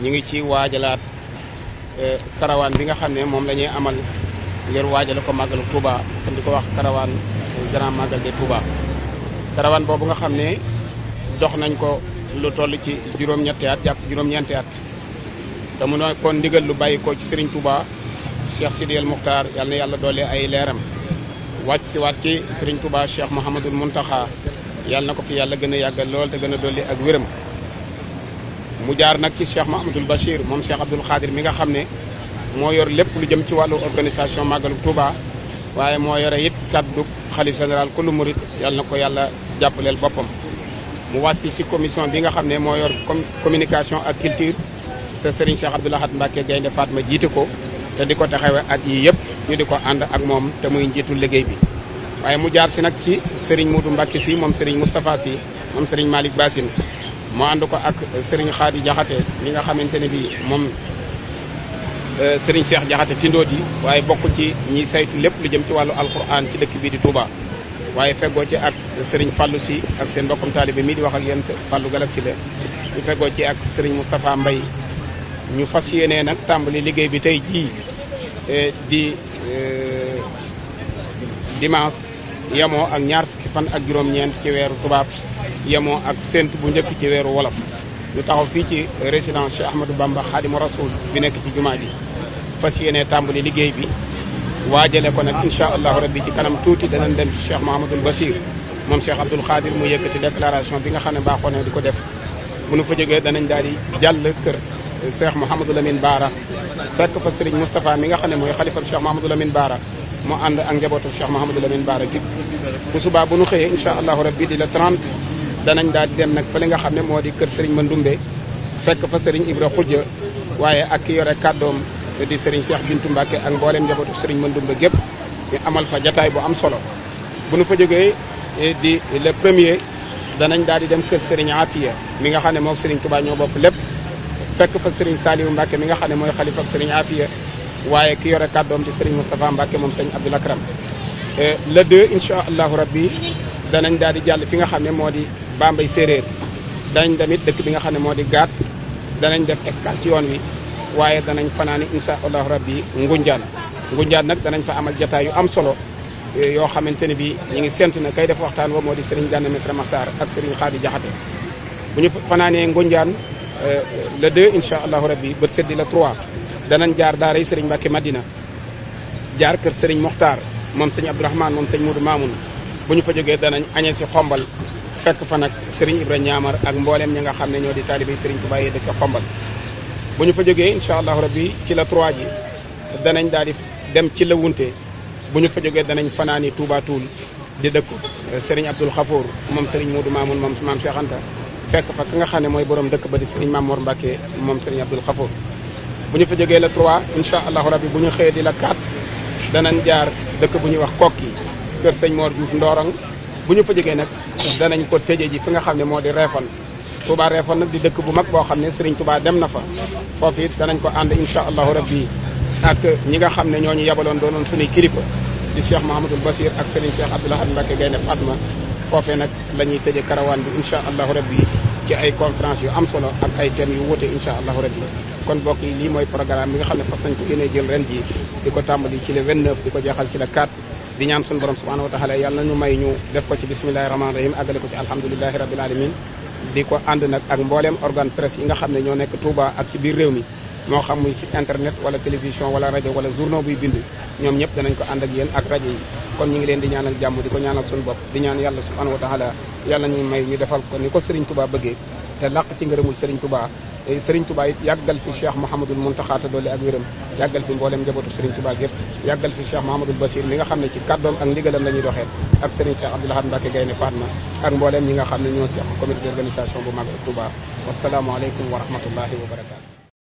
ñu ngi ci waajalaat e, karawaan bi nga xam ne moom lañuy ñuy amal ngir waajale ko màggalu Touba te di ko wax karawaan grand màggal de Touba karawaan boobu nga xam ne dox nañ ko lu toll ci juróom-ñetti at jàpp juróom-ñeenti at te mu doon kon ndigal lu bàyyi ko ci Serigne Touba Cheikh Sidi El Moukhtar yal na yàlla doole ay leeram wàcc si waat ci Serigne Touba Cheikh Mouhamadul Mountakha yàlla na ko fi yàlla gën a yàggal lool te gën a dolli ak wéram mu jaar nag ci Cheikh mahamoudou Bachir mom Cheikh abdou Khadir mi nga xamne mo yor lépp lu jëm ci walu organisation màggalu Touba waye mo yore yit kaddu xalif général kullu mourid yàlla nako yàlla jàppaleel bopam mu wàcc ci commission bi nga xamne mo yor communication ak culture te Serigne Cheikh abdou lahad mbake gayne Fatma jité ko te diko taxawé at yii ñu diko ànd ak mom te muy jitu liggey bi. waye mu jaar ci nak ci Serigne Moudou mbake si mom Serigne mustapha si mom Serigne malik Bassine. mu ànd ko ak Serigne Khady Diakhaté mi nga xamante ne bii moom euh, Serigne Cheikh Diakhaté tindoo di waaye bokk ci ñi saytu lépp lu jëm ci wàllu alquran ci dëkk bii di Touba. waaye fegoo ci ak sëriñ Fallou si ak seen mbokkum taalibe mii di wax ak yéen Fallou Gala si la ñu fegoo ci ak sëriñ Moustapha Mbaye ñu fas yéenee nag tàmbali liggéey bi tey jii euh, di euh, dimanche. yamo ak ñaar fukki fan ak juróom-ñeent ci weeru tubaab yamo ak sént bu njëkk ci weeru wolof ñu taxaw fii ci résidence Cheikh Ahmadou Bamba Khadimu Rasoul bi nekk ci juma ji fas yéene tàmbali liggéey bi waajale ko nag insha allahu rabbi ci kanam tuuti danañ dem ci Cheikh Mahamadul Basir moom Cheikh Abdoul Khadir mu yëkkati déclaration bi nga xam ne baaxoo na di ko def bu nu fa jógee danañ daal di jàll kër Cheikh Mouhamadou Lamine Baara fekk fa Serigne Moustapha mi nga xam ne mooy xalifam Cheikh Mouhamadou Lamine Baara mu ànd ak njabootu Cheikh Mouhamadou Lamine Bara gi bu subaa bu nu xëyee incha allahu rabbi di la 30 danañ daal di dem nag fa li nga xam ne moo di kër Serigne Mandoumbe fekk fa Serigne Ibra Khoudia waaye ak ki yore kàddoom di Serigne Cheikh Bintou Mbacke ak mboolem njabootu Serigne Mandoumbe gépp ñu amal fa jataay bu am solo bu nu fa jógee di le premier danañ daal di dem kër Serigne Afia mi nga xam ne moom Serigne Touba ñoo bopp lépp fekk fa Serigne Saliou Mbacke mi nga xam ne mooy xalifa Serigne Afia waaye ki yore kàddoom di Serigne Moustapha Mbacke moom sëñ Abdoul Akram le deux incha allahu rabbi danañ daal di jàll fi nga xam ne moo di Bambey séeréer danañ tamit dëkk bi nga xam ne moo di gaat danañ def escale ci yoon wi waaye danañ fanaani incha allahu rabbi Ngunjaan Ngunjaan nag danañ fa amal jataay yu am solo eh, yoo xamante ne bi ñu ngi séntu ne kay def waxtaan wa moo di Serigne Gana Messere Makhtar ak Serigne Khady Diakhaté bu ñu fanaanee Ngunjaan eh, le deux incha allahu rabbi bët seddi la trois danañ jaar daaray serigne mbacke Madina jaar keur serigne mokhtar mom serigne abdourahman mom serigne Moudou Mamoun buñu fa joggé danañ agné ci xombal fekk fa nak serigne Ibra nyamar ak mbollem ñinga xamné ñoo di talibé serigne touba yi dekk xombal buñu fa joggé inshallah rabbi ci la 3 ji danañ daal di dem ci la wunte buñu fa joggé danañ fanaani Touba Toul di dekk serigne Abdoul Khafour mom serigne Moudou Mamoun mom maam Cheikh Anta fekk fa ki nga xamné moy borom dekk ba di serigne Mamour Mbacke mom serigne Abdoul Khafour bu ñu fa jógee la 3 incha allah rabbi bu ñu xëyee di la 4 danañ jaar dëkk bu ñuy wax kokki kër sëñ Mor Diouf Ndorong bu ñu fa jógee nag danañ ko tëje ji fi nga xam ne moo di Réfane Touba Réfane nag di dëkk bu mag boo xam ne Serigne Touba dem na fa foofu it danañ ko ànd incha allahu rabbi ak ñi nga xam ne ñooñu yabaloon doonoon suñuy kilifa di Cheikh Mahamadul Basir ak Serigne Cheikh Abdoul Ahad ne Gaynde ma foofee nag la ñuy tëje karawaan bi incha allahu rabbi ci ay conférence yu am solo ak ay thèmes yu wuute incha allahu rabbi kon bokk yi lii mooy programme bi nga xam ne fas nañ ko yéene jël ren ji di ko tàmbali ci le 29 di ko jeexal ci le 4 di ñaan suñu borom subhanahu wa taala yàlla nañu may ñu def ko ci bismillahi rahmani rahim àggale ko ci alhamdulilahi rabil alamin di ko ànd nag ak mbooleem organe presse yi nga xam ne ñoo nekk Touba ak ci biir réew mi moo xam muy site internet wala télévision wala rajo wala journaux buy bind ñoom ñëpp danañ ko ànd ak yéen ak rajo yi kon ñu ngi leen di ñaanal jàmm di ko ñaanal suñu bopp di ñaan yàlla subhanahu wa taala yàlla ñu may ñu defal ko ni ko Serigne Touba bëggee te làq ci ngërëmul Serigne Touba Serigne Touba it yàggal fi Cheikh Mouhamadul Mountakha te doole ak wéram yàggal fi mboolem njabootu Serigne Touba gépp yàggal fi Cheikh Mouhamadul Bachir mi nga xam ne ci kàddoom ak ndigalam la ñuy doxee ak Serigne Cheikh Abdoul Ahad Mbacké Gaynde Fatma ak mboolem ñi nga xam ne ñoo seq comité d'organisation bu mag Touba wasalaamualeykum wa rahmatullahi wa barakatu